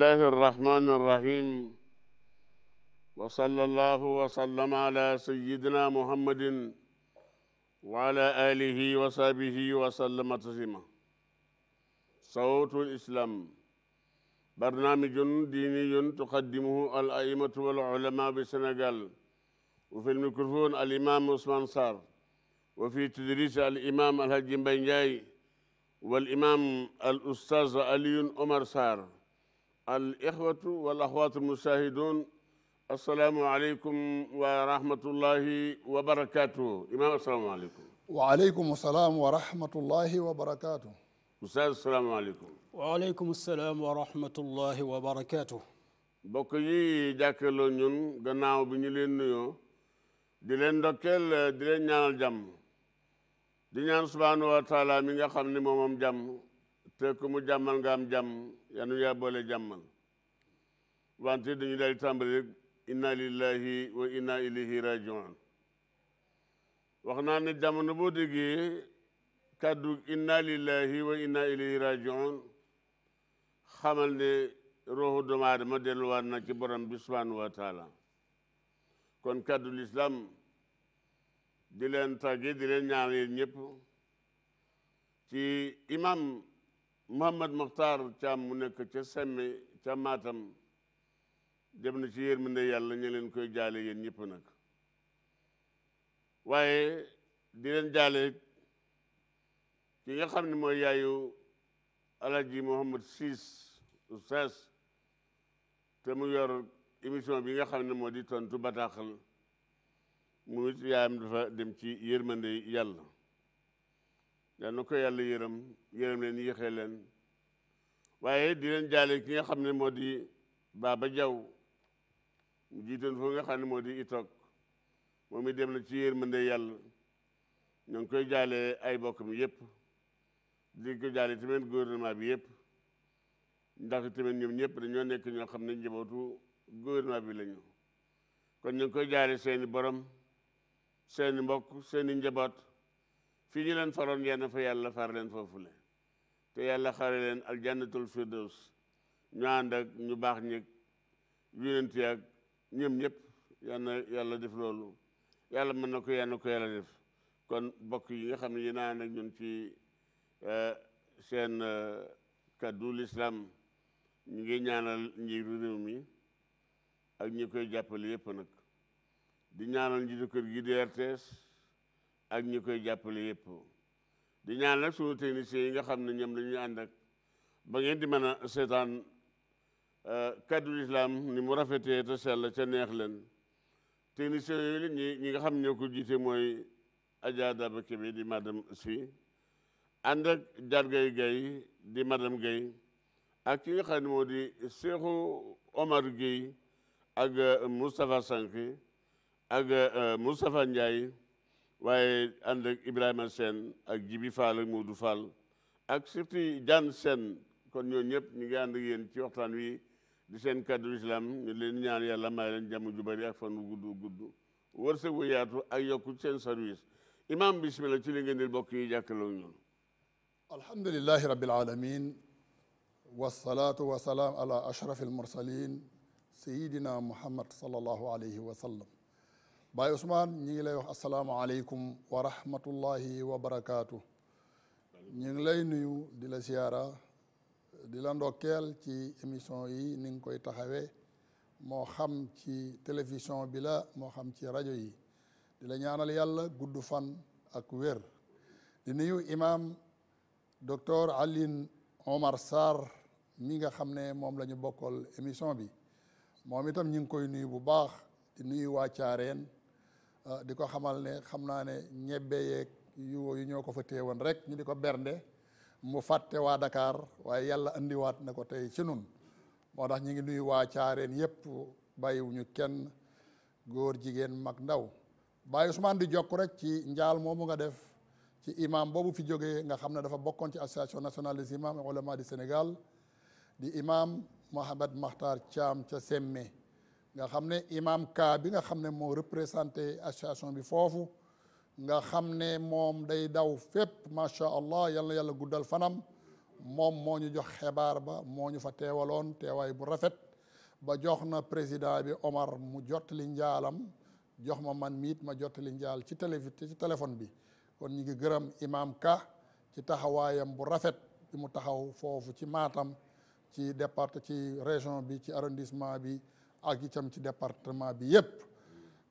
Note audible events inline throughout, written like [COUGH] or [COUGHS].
الله الرحمن الرحيم وصلى الله وسلم على سيدنا محمد وعلى آله وصحبه وسلم تسليما صوت الإسلام برنامج ديني تقدمه الأئمة والعلماء بالسنغال وفي الميكروفون الإمام عثمان صار وفي تدريس الإمام الهجم بنجاي والإمام الأستاذ علي عمر صار alixwatu wal axwaatu almushahidun assalaamu aleykum wa rahmatullahi wa barakatuhu imaam assalaamu aleykum waaleykum assalaam wa rahmatullahi wa barakatuh ustaaz assalaamu aleykum waaleykum assalaam wa rahmatullahi wa barakatuh mbokk yi jàkkaloo ñun gannaaw bi ñu leen nuyoo di leen ndokkeel di leen ñaanal jàmm di ñaan subhaanahu wa taala mi nga xam ne moomam jàmm te mu jàmmal nga am jàmm yanu yaa boole jàmmal wante dañu daal di inna lillahi wa inna ilayhi rajiun wax naa ne jamono boo déggee kàddu inna lillahi wa inna ilayhi rajiun xamal ne roxu doomu aadama delluwaat na ci borom bi subhanahu wa taala kon kàddu lislaam di leen tàgge di leen ñaan yéen ñëpp ci imam Mouhamad Makhtar cam mu nekk ca semmi ca Matam dem na ci yërmande yàlla ñu leen koy jale yéen ñëpp nag waaye di leen jaale ki nga xam ne mooy yaayu Alaaji Mouhamad Siis Oustaz te mu yor émission bi nga xam ne moo di tontu bataaxal mu it yaayam dafa dem ci yërmande yàlla yal na ko yàlla yërëm yërëm leen yéexee leen waaye di leen jaale ki nga xam ne moo di baaba Jaw jiitoon foofu nga xam ne moo di itoog moom it dem na ci yërmande yàlla ñoo ngi koy jaale ay bokkam yépp di ko jaale tamit gouvernement bi yépp ndax tamit ñoom ñëpp dañoo nekk ñoo xam ne njabootu gouvernement bi lañu kon ñu koy jaale seeni borom seeni mbokk seeni njaboot fii ñu leen faroon ngeen fa yàlla far leen foofule te yàlla xare leen aljannatul firdaws ñu ànd ak ñu baax ñëg yonent yi ak ñoom ñëpp yal yàlla def loolu yàlla mën na ko yal na ko yàlla def kon bokk yi nga xam ne yéen ànd ak ñun ci euh, seen euh, kaddu lislaam ñu ngi ñaanal njiitu réew mi ak ñi koy jàppale yëpp nag di ñaanal njiitu kër gi di RTS ak ñi koy jàppale yëpp di ñaan nag suñu techniciens yi nga xam ne ñoom lañuy ànd ak ba ngeen di mën a seetaan euh, kàddu lislaam ni mu rafetee te sell ca neex leen techniciens yooyu ñi ñi nga xam ñoo ko jiite mooy Adja Daba Kébé di madame si ànd ak Jargay Gay di madame Gay ak ki nga xam ne moo di Seexu Omar Guèye ak euh, Moustapha Sank ak euh, Moustapha Ndiaye waaye ànd ak Ibrahima ak Jibi Fall ak Modou Fall ak surtout Diane seen kon ñoo ñëpp ñu ngi ànd ak ci waxtaan wi di seen kàddu islam ñu leen ñaan yàlla may leen jàmm ju bari ak fan wu gudd gudd wërsëg wu yaatu ak yokku seen service imam bismillah ci li ngeen di bokk yi jàkkaloo ñun alhamdulillahi rabbil alamin wasalaatu wasalaam ala ashraf almursalin sayidina muhammad sallallahu alayhi wa sallam Baay Ousmane ñi ngi lay wax asalaamaaleykum wa rahmatullahi wa barakaatu ñi ngi lay nuyu di la siyaara di la ndokkeel ci émission yi ni ngi koy taxawee moo xam ci télévision bi la moo xam ci rajo yi di la ñaanal yàlla gudd fan ak wér di nuyu imaam docteur Alioune Omar Sarr mi nga xam ne moom lañu ñu émission bi moom itam ñu ngi koy nuyu bu baax di nuyu waa Euh, di ko xamal ne xam naa ne ñebbe yeeg yu yu ñoo ko fa téewoon rek ñu di ko bernde mu fàtte waa Dakar waaye yàlla andiwaat na ko tey ci nun moo tax ñu ngi nuyu waa caareen yëpp bàyyiwuñu kenn góor jigéen mag ndaw Baye sumaan di jokk rek ci njaal moomu nga def ci imam boobu fi jóge nga xam ne dafa bokkoon ci association nationale des imams et ulama Sénégal di imam Mohamed Makhtar caam ca Semme nga xam ne imam ka bi nga xam ne moom représenté association bi foofu nga xam ne moom day daw fépp macha allah yal na yàlla guddal fanam moom moo ñu jox xibaar ba moo ñu fa teewaloon teewaay bu rafet ba jox na président bi Omar mu jottali njaalam jox ma man miit ma jottali njaal ci télé ci téléphone bi kon ñu ngi gërëm imam ka ci taxawaayam bu rafet bi mu taxaw foofu ci maatam ci départ ci région bi ci arrondissement bi ak itam ci département bi yëpp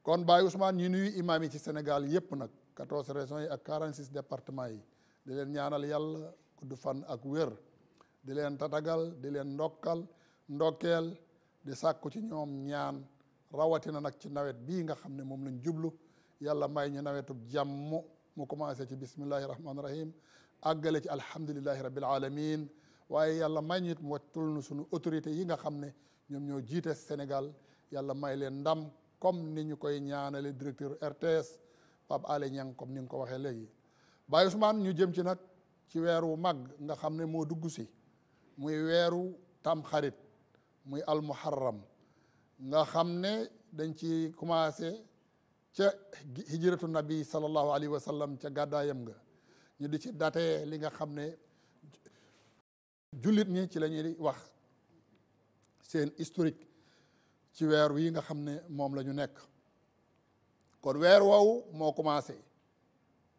kon Baye Ousmane ñu nuyu imaam yi ci Sénégal yëpp nag 14 régions yi ak 46 départements yi di leen ñaanal yàlla gudd fan ak wér di leen tatagal di leen ndokkal ndokkeel di sàkku ci ñoom ñaan rawatina nag ci nawet bii nga xam ne moom lañ jublu yàlla may ñu nawetub jàmm mu commencé ci bismillahi rahmaani rahim àggale ci alhamdulillahi rabbil alamin waaye yàlla may ñu it mu wàccul nu sunu autorité yi nga xam ne ñoom ñoo jiite Sénégal yàlla may leen ndam comme ni ñu koy ñaanale directeur RTS Pape Alé comme ni nga ko waxee léegi Baye Ousmane ñu jëm ci nag ci weeru mag nga xam ne moo dugg si muy weeru tamxarit muy almuharram nga xam ne dañ ci commencé ca hijratu nabi sallallahu alayhi wa sallam ca gàddaayam nga ñu di ci date li nga xam ne jullit ñi ci lañuy ñuy wax seen historique ci weer wi nga xam ne moom lañu nekk kon weer woowu moo commencé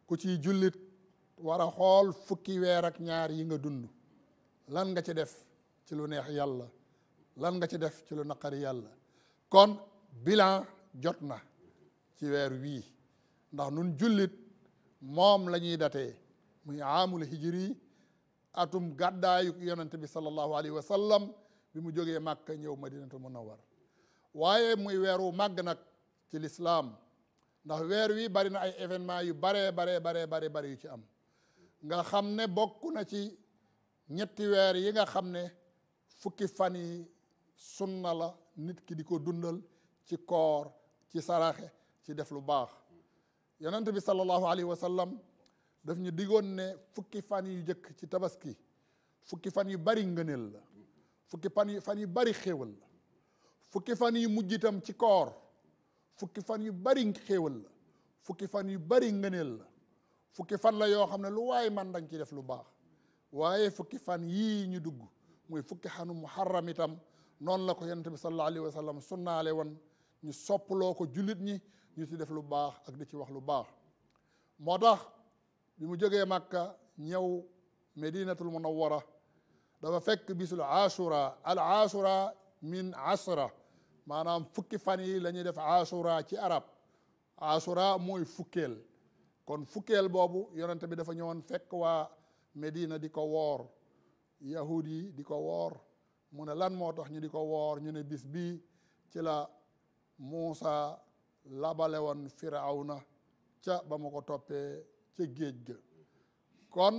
ku ci jullit war a xool fukki weer ak ñaar yi nga dund lan nga ci def ci lu neex yàlla lan nga ci def ci lu naqari yàlla kon bilan jot na ci weer wii ndax nun jullit moom la ñuy datee muy aamul hijri atum gàddaayu yonente bi sallallahu alayhi wa sallam bi mu jógee Màkka ñëw ma a war waaye muy weer wu màgg nag ci lislaam ndax weer wi bari na ay événement yu baree baree baree bare bari yu ci am nga xam ne bokk na ci ñetti weer yi nga xam ne fukki fan yi sunna la nit ki di ko dundal ci koor ci saraxe ci def lu baax yonent bi sallallahu alayhi wa daf ñu digoon ne fukki fan yu jëkk ci tabaski fukki fan yu bari ngëneel la fukki pan yi fan yu bari xéewal la fukki fan yi mujj itam ci koor fukki fan yu bari xéewal la fukki fan yu bari ngëneel la fukki fan la yoo xam ne lu waaye man danga ci def lu baax waaye fukki fan yii ñu dugg muy fukki xanu muharram itam noonu la ko yonent bi sallallahu alayhi wa sallam sunnaale woon ñu soppaloo ko jullit ñi ñu ci def lu baax ak di ci wax lu baax moo tax bi mu jógee màkka ñëw medinatul munawwara dafa fekk bisul ashura al ashura min asra maanaam fukki fan yi lañuy ñuy def ashura ci arab ashura mooy fukkeel kon fukkeel boobu yonent bi dafa ñëwoon fekk waa Medina di ko woor yahud yi di ko woor mu ne lan moo tax ñu di ko woor ñu ne bis bii ci la Muusa labale woon Firawna ca ba ma ko toppee ca géej ga kon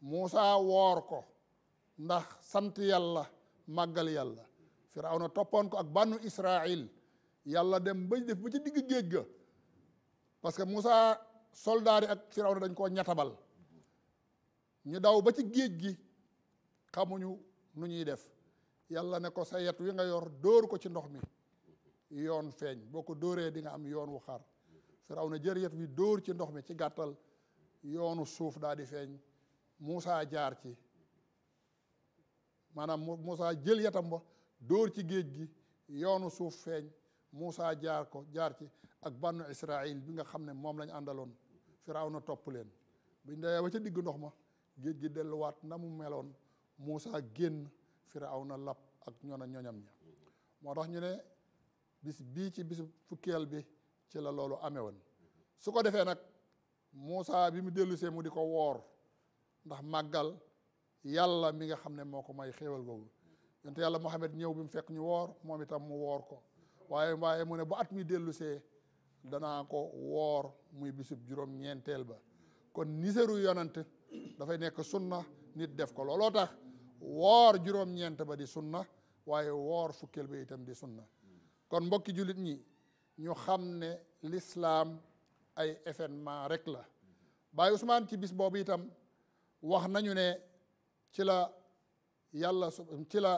Muusa woor ko ndax sant yàlla màggal yàlla firawna toppoon ko ak bànnu israil yàlla dem ba def ba ci digg géej ga parce que Moussa soldaar yi ak firawna dañ koo ñatabal ñu daw ba ci géej gi xamuñu nu ñuy def yàlla ne ko sa yet wi nga yor dóor ko ci ndox mi yoon feeñ boo ko dóoree di nga am yoon wu xar firawna jër yet wi dóor ci ndox mi ci gàttal yoonu suuf daal di feeñ Moussa jaar ci maanaam Moussa jël yatam ba dóor ci géej gi yoonu suuf feeñ Moussa jaar ko jaar ci ak bannu Israil bi nga xam ne moom lañ àndaloon firaaw na topp leen buñ dee ba ca digg ndox ma géej gi delluwaat na mu meloon Moussa génn na lap ak ñoona ñoñam ña moo tax ñu ne bis bii ci bisu fukkeel bi ci la loolu amee woon su ko defee nag Moussa bi mu dellusee mu di ko woor ndax màggal yàlla mi nga xam ne moo ko may xéewal googu yonte yàlla Muhammad ñëw bi mu fekk ñu woor moom itam mu woor ko waaye waaye mu ne bu at mi dellu see danaa ko woor muy bisub juróom-ñeenteel ba kon niseru yonant dafay nekk sunna nit def ko looloo tax woor juróom-ñeent ba di sunna waaye woor fukkeel ba itam di sunna kon mbokki jullit ñi ñu xam ne l'islaam ay événement rek la Baay Usmaan ci bis boobu itam wax nañu ne ci la yàlla su ci la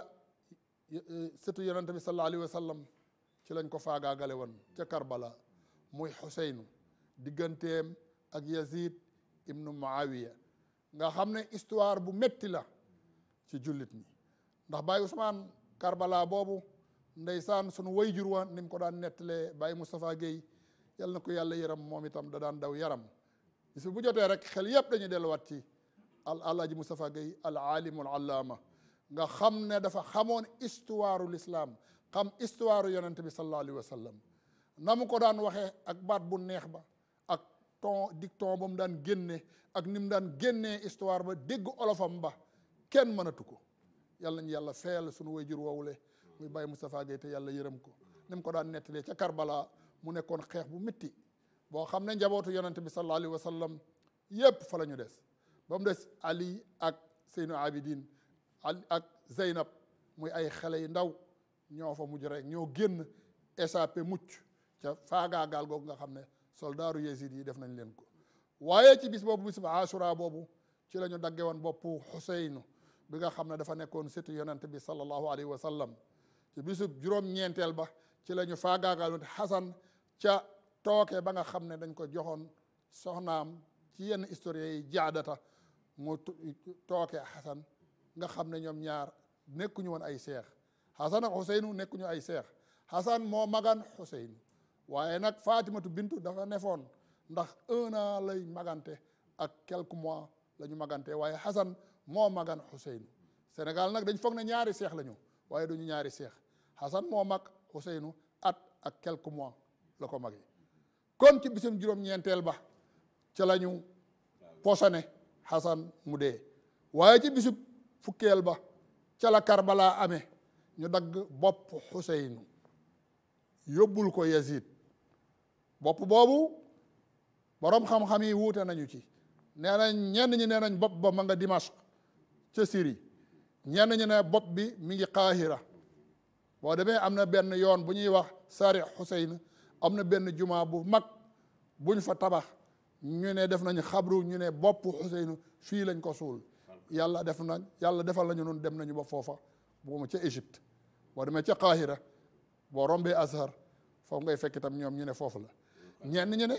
sëtu yonente bi sallallahu alayhi sallam ci lañ ko faagaagale woon ca Karbala muy Xuseynu digganteem ak Yazid ibnu Muawiya nga xam ne histoire bu metti la ci jullit mi ndax Baye Ousmane Karbala boobu ndeysaan sunu wayjur wa ni mu ko daan nettalee bàyyi Moustapha Guèye yàlla ko yàlla yaram moom itam da daan daw yaram bis bu jotee rek xel yëpp dañuy delluwaat ci al alaaji Moustapha Gueye al alimul allaama nga xam ne dafa xamoon histoire lislaam xam histoire yonent bi sallallahu alayhi wa sallam na mu ko daan waxee ak baat bu neex ba ak ton dicton ba mu daan génne ak ni mu daan génne histoire ba dégg olofam ba kenn mënatu ko yàlla nañu yàlla feyal sunu wayjur woowule muy bàyyi Moustapha Gueye te yàlla yërëm ko ni mu ko daan nettalee ca Karbala mu nekkoon xeex bu métti boo xam ne njabootu yonent bi sallallahu alayhi wa fa la ñu des ba mu des Ali ak Seynu Abidin Ali ak Zeynab muy ay xale yu ndaw ñoo fa mujj rek ñoo génn échappé mucc ca faagaagaal googu nga xam ne soldaaru Yezid yi def nañ leen ko waaye ci bis boobu bis bu Ashura boobu ci la ñu dagge woon boppu Xuseynu bi nga xam ne dafa nekkoon sëtu yonent bi sallallahu alayhi wa sallam ci bisub juróom-ñeenteel ba ci la ñu faagaagal woon Xasan ca tooke ba nga xam ne dañ ko joxoon soxnaam ci yenn historien yi jaadata mu tooke xasan nga xam ne ñoom ñaar nekkuñu woon ay seex xasan ak xuseynu nekkuñu ay seex xasan moo magan xuseynu waaye nag faatimatu bintu dafa nefoon ndax un lay magante ak quelques mois la ñu magante waaye xasan moo magan xuseynu Sénégal nag dañ foog na ñaari seex la ñu waaye duñu ñaari seex xasan moo mag xuseynu at ak quelques mois la ko magee kon ci bisum juróom-ñeenteel ba ca lañu ñu xasan mu dee waaye ci bisub fukkeel ba calakar balaa ame ñu dagg bopp xuseynu yóbbul ko Yazid bopp boobu boroom xam-xam yi wuute nañu ci nee nañ ñenn ñi nee nañ bopp ba ma nga Dimashq ca Syrie ñenn ñi ne bopp bi mi ngi Qaahira boo demee am na benn yoon bu ñuy wax Sari Xuseyn am na benn jumaa bu mag buñ fa tabax ñu ne def nañu xabru ñu ne bopp Ousseynou fii lañ ko suul yàlla def nañ yàlla defal nañu noonu dem nañu ba foofa boobu ca Égypte boo demee ca Qahira boo rombee Azhar foofu ngay fekk itam ñoom ñu ne foofu la ñenn ñu ne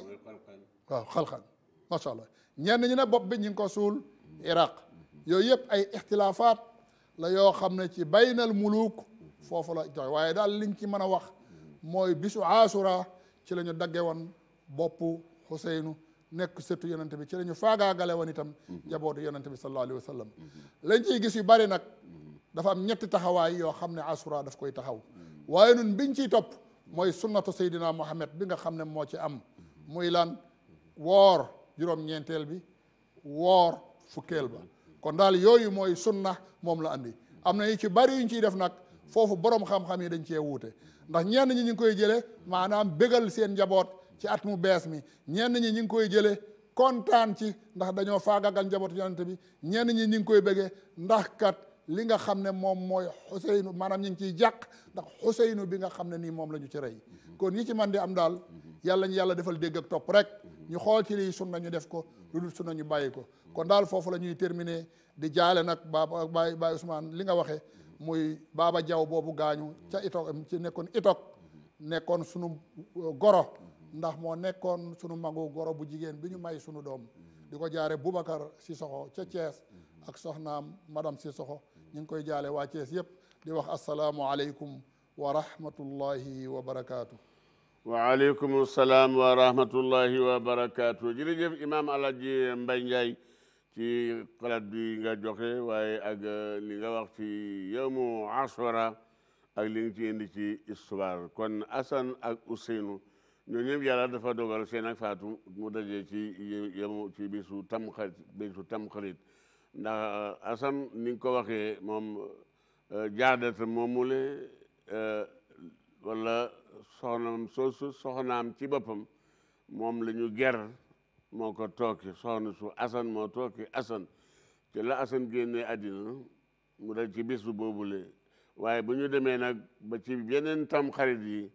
waaw xalxan macha allah ñu ne bopp bi ñu ngi ko suul Iraq yooyu yëpp ay ixtilaafaat la yoo xam ne ci baynal muluk foofu la joxe waaye daal liñ ci mën a wax mooy bisu asura ci lañu ñu dagge woon bopp Ousseynou nekk surtout yonent bi ci la ñu faagaagale woon itam mhm. jabootu yonent bi sallallahu alayhi wa sallam mhm. lañ ciy gis yu bari nag mhm. dafa am ñetti taxawaay yoo xam ne asura daf koy taxaw waaye nun biñ ciy topp mooy sunnatu saydina muhammad bi nga xam ne moo ci am muy lan woor juróom-ñeenteel bi woor fukkeel ba kon daal yooyu mooy sunna moom la andi am na yi ci bari yuñ ciy def nag foofu borom xam-xam yi dañ cee wuute ndax ñenn ñi ñu ngi koy jëlee maanaam bégal seen njaboot ci at mu bees mi ñenn ñi ñu ngi koy jëlee kontaan ci ndax dañoo faagagal njabootu yonent bi ñenn ñi ñu ngi koy bëggee ndax kat li nga xam ne moom mooy xuseynu maanaam ñu ngi ciy jàq ndax xuseynu bi nga xam ne nii moom la ñu ci rey kon yi ci man di am daal yàlla ñu yàlla defal dégg ak topp rek ñu xool ci lii na ñu def ko lu dul na ñu bàyyi ko kon daal foofu la ñuy terminer di jaale nag baaba baay baay Ousmane li nga waxee muy baaba jaw boobu gaañu ca itok ci nekkoon itok nekkoon sunu goro ndax moo nekkoon sunu magu goro bu jigéen bi ñu may sunu doom di ko jaare Boubacar Sissoko ca Thiès ak soxnaam madame Sissoko ñu ngi koy jaare waa Thiès yëpp di wax asalaamualeykum wa rahmatullahi wa barakaatu. waaleykum salaam wa rahmatullahi wa barakaatu jërëjëf imaam Alaaji Mbay Njaay ci xalaat bi nga joxe waaye ak uh, li nga wax ci yawmu Ashura ak li nga ci indi ci histoire kon Assane ak Ousseynou ñooñu ñëpp yàlla dafa dogal seen ak faatu mu dajee ci yemu ci bisu tamxarit bisu tamxarit ndax euh, asan ni ko waxee moom euh, jaadata moomule euh, wala soxnaam soosu soxnaam ci boppam moom la ñu ger moo ko tooki soxna su asan moo tooki asan te la asan génnee àddina mu dal ci bisu boobule waaye bu ñu demee nag ba ci yeneen tamxarit yi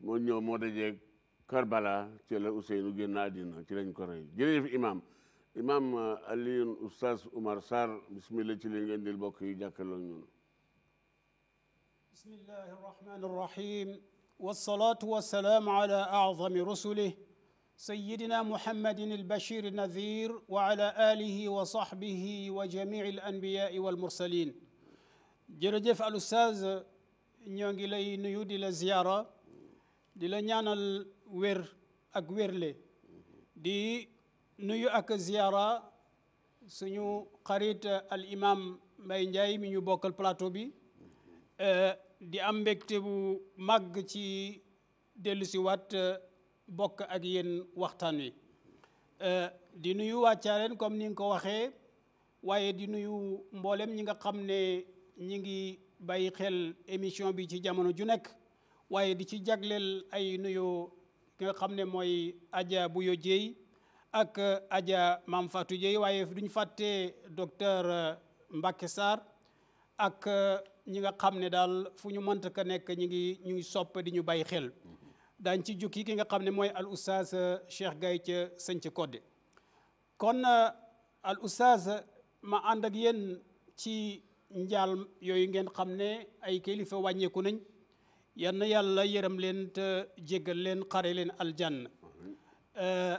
moo ñëw moo dajeeg Karbala ci la Ousseynou génn àddina ci lañ ko rey jërëjëf imam imam euh, Alioune Oustaz Oumar Sarr bismillah ci li ngeen dil bokk yi jàkkaloo ñun bismillahi arrahmani arrahim والصلاة والسلام على أعظم رسله سيدنا محمد البشير النذير وعلى آله وصحبه وجميع الأنبياء والمرسلين jërëjëf al Oustaz ñoo ngi lay nuyu di la ziyaara di la ñaanal wér ak wérle di nuyu ak ziyaara suñu xarit al imam Mbaye Ndiaye mi ñu bokkal plateau bi eh, di am mbégte bu màgg ci dellu si eh, bokk ak yéen waxtaan wi eh, di nuyu waa Thiarène comme ni nga ko waxee waaye di nuyu mboolem ñi nga xam ne ñi ngi bàyyi xel émission bi ci jamono ju nekk waaye di ci jagleel ay nuyoo ki xam ne mooy Adja Buyo Dieye ak Adja Mam Fatou Dieye waaye duñ fàtte docteur euh, Mbacke Sarr ak euh, ñi nga xam ne daal fu ñu mënta ka nekk ñi ngi ñu ngi sopp di ñu bàyyi xel daañ ci jukki ki nga xam ne mooy al oustaz euh, Cheikh Gaye ca Sënc kon al oustaz ma ànd ak yéen ci njaal yooyu ngeen xam ne ay kilifa wàññeeku nañ yan yàlla yërëm leen te jéggal leen xare leen aljanna eh,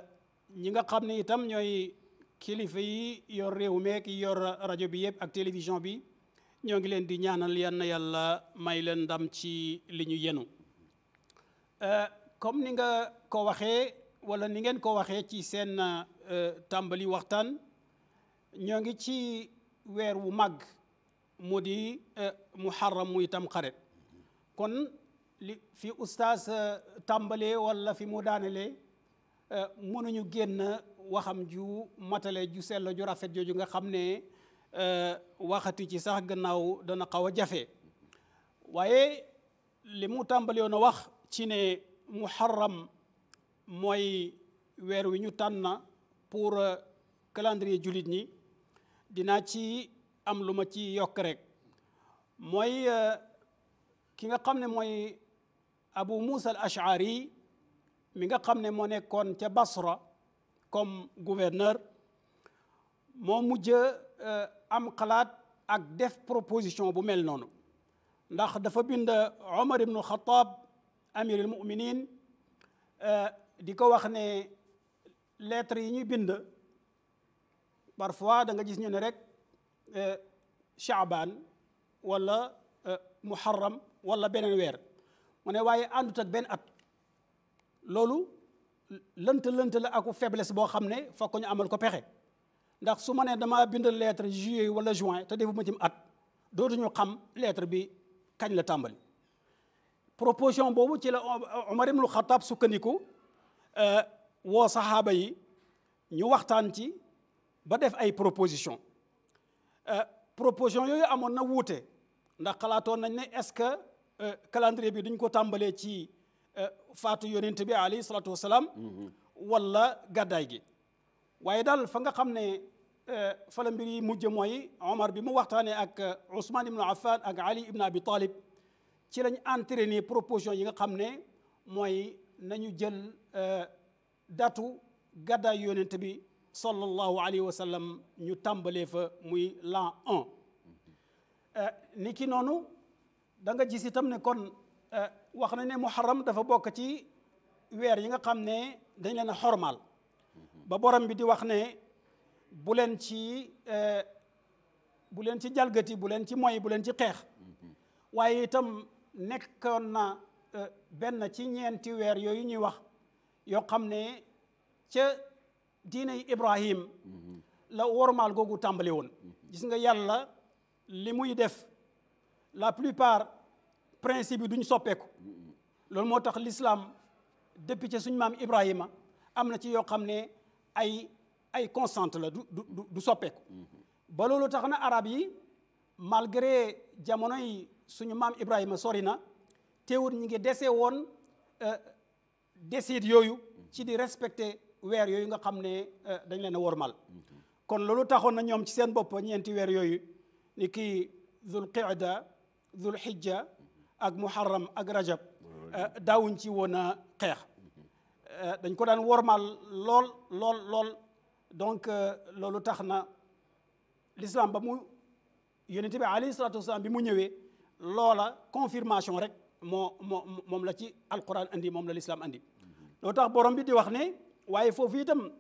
ñi nga xam ni itam ñooy kilifa yi yor réew meek yor rajo bi yëpp ak télévision bi ñoo ngi leen di ñaanal yan yàlla may leen ndam ci li ñu yenu eh, comme ni nga ko waxee wala ni ngeen ko waxee ci seen eh, tàmbali waxtaan ñoo ngi ci weer wu màgg mu di mu muy tam xaret kon li fi oustaz euh, tàmbalee walla fi mu daanelee euh, mënuñu génn waxam ju matale ju sell ju rafet jooju nga xam ne euh, waxati ci sax gannaaw dana xaw a jafe waaye li mu tàmbali woon wax ci ne muharram mooy weer wi ñu tànn pour calendrier jullit ñi dinaa ci am lu ma ci yokk rek mooy ki nga xam ne mooy abu moussa al ashari mi nga xam ne moo nekkoon ca basra comme gouverneur moo mujj euh, am xalaat ak def proposition bu mel noonu ndax dafa bind omar ibnu xataab amir al muminin euh, di ko wax ne lettre yi ñuy bind parfois da nga gis ñu ne rek chaabaan euh, wala muharram wala beneen weer mu ne waaye àndut ak benn at loolu lënt lënt la aku faiblesse boo xam ne fokk ñu amal ko pexe ndax su ma ne damaa bind lettre juillet wala juin te defuma ci at dootuñu xam lettre bi kañ la tàmbali proposition boobu ci la Omar ibnul Xataab sukkandiku euh, woo saxaaba yi ñu waxtaan ci ba def ay proposition euh, proposition yooyu amoon na wuute ndax xalaatoon nañ ne est-ce que Euh, calendrier bi duñ ko tàmbalee ci euh, faatu yonent bi alayhi salaatu wasalaam mhm. wala gàddaay gi waaye daal fa nga xam ne euh, fa la mbir yi mujj mooy Omar bi mu waxtaanee ak Ousmane Ibn Affan ak Ali Ibn Abi Talib ci lañ entraîné proposition yi nga xam ne mooy nañu jël datu gàddaay yonent bi sallallahu alayhi wa ñu tàmbalee fa muy l'an un niki noonu da nga gis tam ne kon eh, wax na ne muharram dafa bokk ci weer yi nga xam ne dañ leen a xormaal ba borom bi di wax ne bu leen ci eh, bu leen ci jalgati bu leen ci moy bu leen ci xeex waaye itam nekkoon na eh, benn ci ñeenti weer yooyu ñuy wax yoo xam ne ca diina Ibrahim mhm. la wormaal googu tàmbali woon gis nga yàlla li muy def la plupart principe yi duñ soppeeku loolu moo tax lislaam depuis ca suñ maam Ibrahima am na ci yoo xam ne ay ay constante la du du soppeeku ba loolu tax na arab yi malgré jamono yi suñu maam Ibrahima sori na teewul ñi ngi dese woon euh, décide yooyu ci di respecter weer yooyu nga xam ne euh, dañ leen a wormal kon loolu taxoon na ñoom ci seen bopp ñeenti weer yooyu ni kii Zul dhul hijja ak muharram ak rajab eh, daawuñ ci woon a xeex eh, dañ ko daan wormaal lool lool lool donc eh, loolu tax na l'islam ba mu yonente bi alayhi salatu bi mu ñëwee loola confirmation rek moo moo moom la ci alquran andi moom la l'islam andi loolu tax borom bi di wax ne waaye foofu itam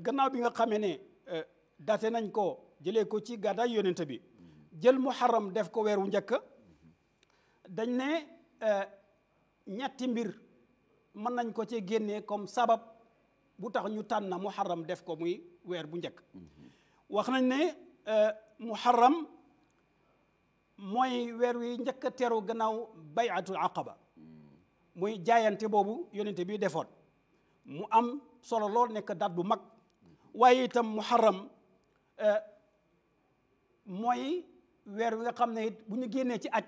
gannaaw bi nga xamee ne date nañ ko jëlee ko ci gàddaay yonente bi jël muharram def ko weer wu njëkk dañ ne euh, ñetti mbir mën nañ ko ci génne comme sabab bu tax ñu tànn muharram def ko muy weer bu njëkk mm-hmm. wax nañ ne euh, muharram mooy weer wi njëkk a teru gannaaw bayatul aqaba mm-hmm. muy jaayante boobu yonente bi defoon mu am solo lool nekk dat bu mag mm-hmm. waaye itam muharram euh, mooy weer wi nga xam ne it bu ñu génnee ci aj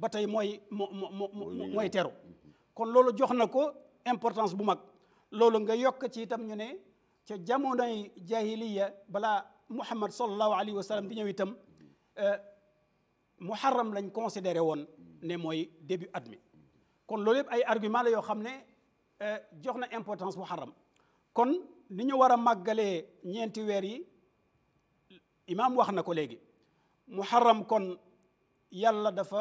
ba tey mooy mo mo mooy teru mm-hmm. kon loolu jox na ko importance bu mag loolu nga yokk ci itam ñu ne ca jamonoy jahiliya balaa muhammad sallallahu alayhi wa sallam di ñëw itam mm-hmm. euh, muharram lañ considéré woon mm-hmm. ne mooy début at mi kon loolu yëpp ay argument la yoo xam ne euh, jox na importance muharram kon ni ñu war a màggalee ñeenti weer yi imaam wax na ko léegi muharram kon yàlla dafa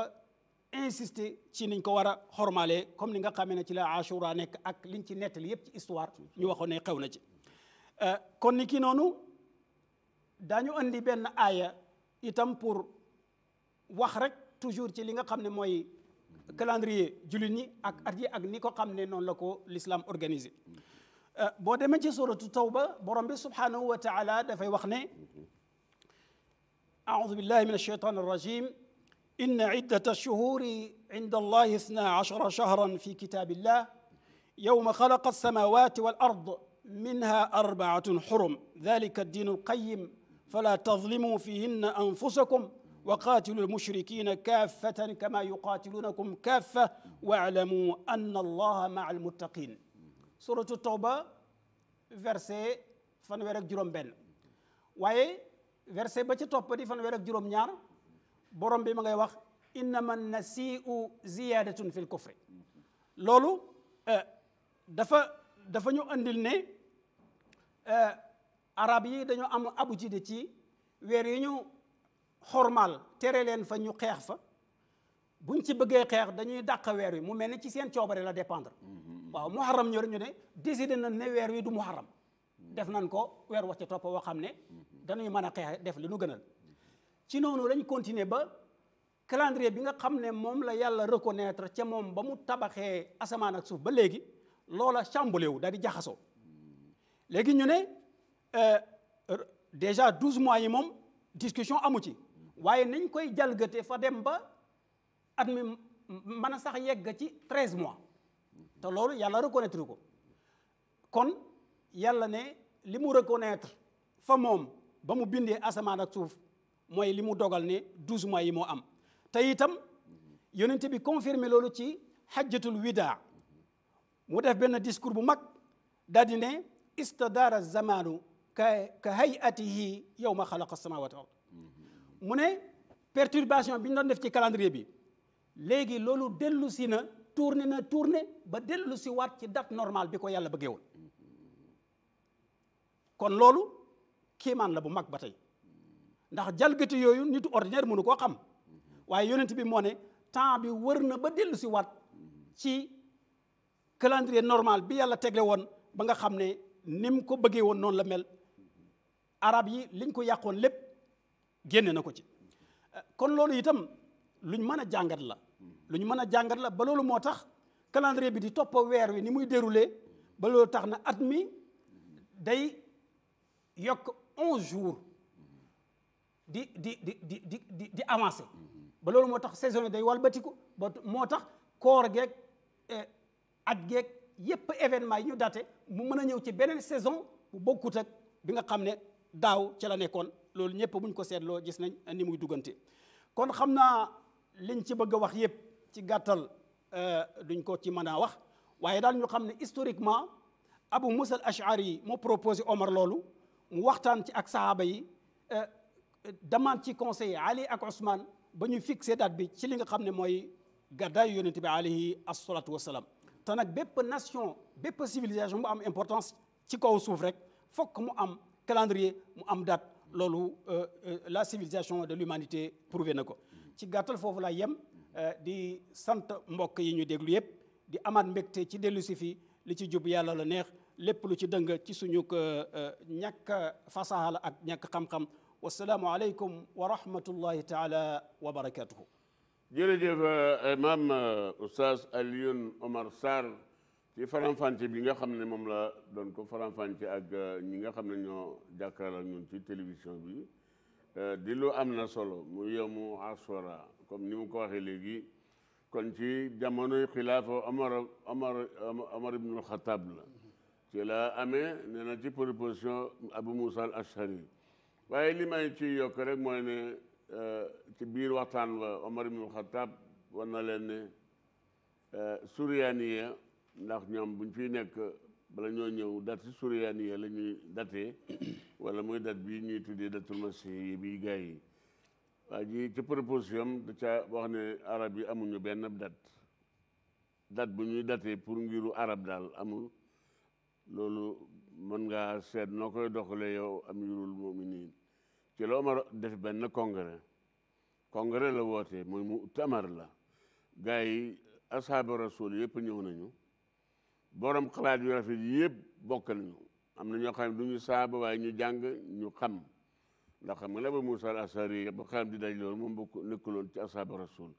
insister ci niñ ko war a xormaalee comme ni nga xamee ne ci la Ashura nekk ak liñ ci nettali yépp ci histoire ñu waxoon ne xew na ci euh, kon ni ki noonu dañu andi benn aaya itam pour wax rek toujours ci li nga xam ne mooy calendrier jullit ñi ak at yi ak ni ko xam ne noonu la ko l'islam organisé euh, boo demee ci suratu tawba borom bi subhanahu wa dafay wax ne aoudu min alshaytan arrajim إن عدة الشهور عند الله اثنا عشر شهرا في كتاب الله يوم خلق السماوات والأرض منها أربعة حرم ذلك الدين القيم فلا تظلموا فيهن أنفسكم وقاتلوا المشركين كافة كما يقاتلونكم كافة واعلموا أن الله مع المتقين سورة التوبة verset fanweer ak juróom benn waaye verset ba ci topp di fanweer ak juróom ñaar borom bi ma ngay wax man na si nasiu ziyadatun fi l kufri loolu eh, dafa dafa ñu andil ne eh, arab yi dañoo am abu jide ci weer yi ñu xormaal tere leen fa ñu xeex fa buñ ci bëggee xeex dañuy daq weer wi mu mel ni ci seen coobare la dépendre waaw muharram ñor ñu ne décidé na ne weer wi du muharram def nañ ko weer wax ci topp woo xam ne dañuy mën a xeex def li nu gënal ci noonu lañ continuer ba calendrier bi nga xam ne moom la yàlla reconnaître ca moom ba mu tabaxee asamaan ak suuf ba léegi loola chamboulé wu daal jaxasoo léegi ñu ne euh, déjà douze mois yi moom discussion amu ci waaye nañ koy jalgate fa dem ba at mi mën a sax yegg ci treize mois te loolu yàlla reconnaître ko kon yàlla ne li mu reconnaître fa moom ba mu bindee asamaan ak suuf mooy li mu dogal ne douze mois yi moo am te itam yonent bi confirmé loolu ci xajjatul wida mu def benn discours bu mag daal di ne istadaara zamanu ka ka hayatihi yow ma xalaqa sama wal mu ne perturbation bi ñu def ci calendrier bi léegi loolu dellu si na tourné na tourné ba dellu si waat ci date normal bi ko yàlla bëggee woon kon loolu kiimaan la bu mag ba tey ndax jalgati yooyu nitu ordinaire mënu koo xam waaye yonent bi moo ne temps bi wër na ba dellu si waat ci calendrier normal bi yàlla tegle woon ba nga xam ne ni mu ko bëggee woon noonu la mel arab yi liñ ko yàqoon lépp génne na ko ci kon loolu itam luñ mën a jàngat la luñ mën a jàngat la ba loolu moo tax calendrier bi di topp weer wi ni muy déroulé ba loolu tax na at mi day yokk 11 jours di di di di di di di avancé ba loolu moo tax saison yi day walbatiku ba moo tax koor geeg eh, at geeg yépp événement yi ñu daté mu mën a ñëw ci beneen saison bu bokkut ak bi nga xam ne daaw ci la nekkoon loolu ñëpp buñ ko seetloo gis nañ ni muy duggante kon xam naa liñ ci bëgg a wax yépp ci gàttal eh, duñ ko ci mën a wax waaye daal ñu xam ne historiquement Abu Musa al Ash'ari yi moo proposé Omar loolu mu waxtaan ci ak sahaaba yi eh, demande ci conseiller Ali ak Ousmane ba ñu fixé date bi ci li nga xam ne mooy gàddaayu yonente bi alayhi assalatu wasalaam te nag bépp nation bépp civilisation bu am importance ci kaw suuf rek fokk mu am calendrier mu am daat loolu euh, euh, la civilisation de l'humanité prouvé na ko ci gàttal foofu laa yem euh, di sant mbokk yi ñu déglu yëpp di amaat mbégte ci dellu si li ci jub yàlla la neex lépp lu ci dëng ci suñu ñàkk fasaha ak ñàkk xam-xam wasalaamu aleykum wa rahmatullahi taala wa barakatuhu jërëjëf imam euh, euh, euh, oustaz Alioune Omar Sarr ci faramfànce bi nga xam ne moom la doon ko faramfànce ak ñi nga xam ne ñoo jàkkaarloo ak ci télévision bi di lu am na solo mu yemu aswara comme ni mu ko waxee léegi kon ci jamonoy xilaafa Omar Omar Omar Xataab la ci la amee nee na ci proposition Abu Moussa al waaye li may ci yokk rek mooy ne euh, ci biir waxtaan wa Omar ibn Khattab war na leen ne euh, suryaaniya ndax ñoom buñ fi nekk bala ñoo ñëw date suryaaniya la ñuy datee [COUGHS] wala muy date bii ñuy tuddee datul masih bi gars yi waa ji ci proposition da ca wax ne arab yi amuñu benn dat date bu ñuy datee pour ngiru arab daal amul loolu mën ngaa seet noo koy doxalee yow amirul muminin ci la Omar def benn congrès congrès la woote mooy mu tamar la gars yi ashaaba rasul yëpp ñëw nañu borom xalaat yu rafet yëpp bokk nañu am na ñoo xam ne du ñu saaba waaye ñu jàng ñu xam ndax xam nga la ba Moussa al Ashari ba xam di daj loolu moom bokk nekkuloon ci ashaaba rasul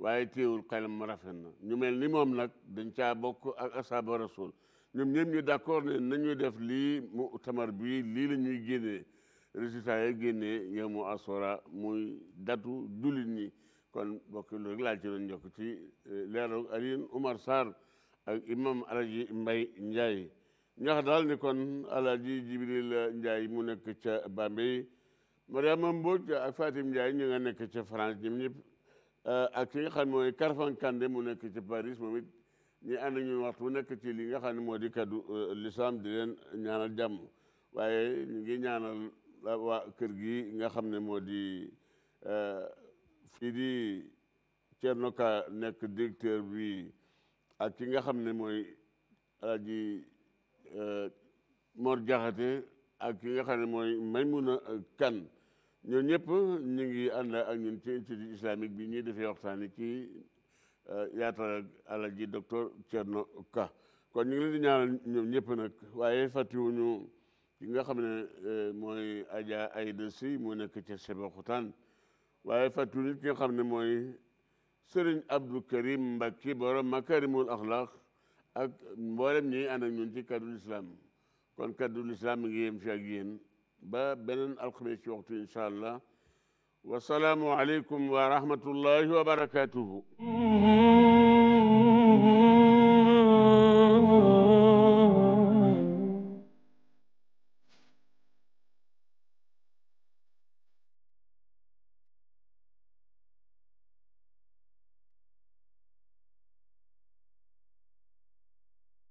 waaye téewul xelam rafet na ñu mel ni moom nag dañ caa bokk ak ashaaba rasul ñoom ñëpp ñu d'accord ne nañu def lii tamar bii lii lañuy génne génnee résultat génne génnee yow mu asora muy datu dulit ñi kon bokk lu laa ci doon njokk ci euh, leeru Alioune Oumar Sarr ak imam Alaji Mbaye Ndiaye ñu wax daal ni kon ji Jibril Ndiaye mu nekk ca Bambey Mariama Mbodj ak Fatim Ndiaye ñu nga nekk ca France ñoom ñëpp euh, ak ki nga xam mooy Karfan Kande mu nekk ca Paris moom ñi ànd ñun waxtu nekk ci li nga xam ne moo di kaddu euh, lislaam di leen ñaanal jàmm waaye ñu ngi ñaanal waa kër gi nga xam ne moo di euh, fii di Thierno Ka nekk directeur bi ak ki nga xam ne mooy Alaaji euh, Mor Jaxate ak ki nga xam ne mooy na Kan ñoo ñëpp ñu ngi ànd ak ñun ci institut islamique bi ñuy defee waxtaani ci Eh, yaatal alal ji docteur Thierno Ka kon ñu ngi leen di ñaanal waaye fàttiwuñu ki nga xam ne eh, mooy Adja Aïda Sy mu nekk ca Sébikotane waaye fàttiwuñu ki nga xam ne mooy Serigne Abdou Karim Mbacke borom makarimul axlaq ak mboolem ñi ànd ak ñun ci islam kon kaddu islam mi ngi yem fi ak ba beneen alxames ci waxtu incha allah wasalaamu aleykum wa rahmatullahi wa barakatuhu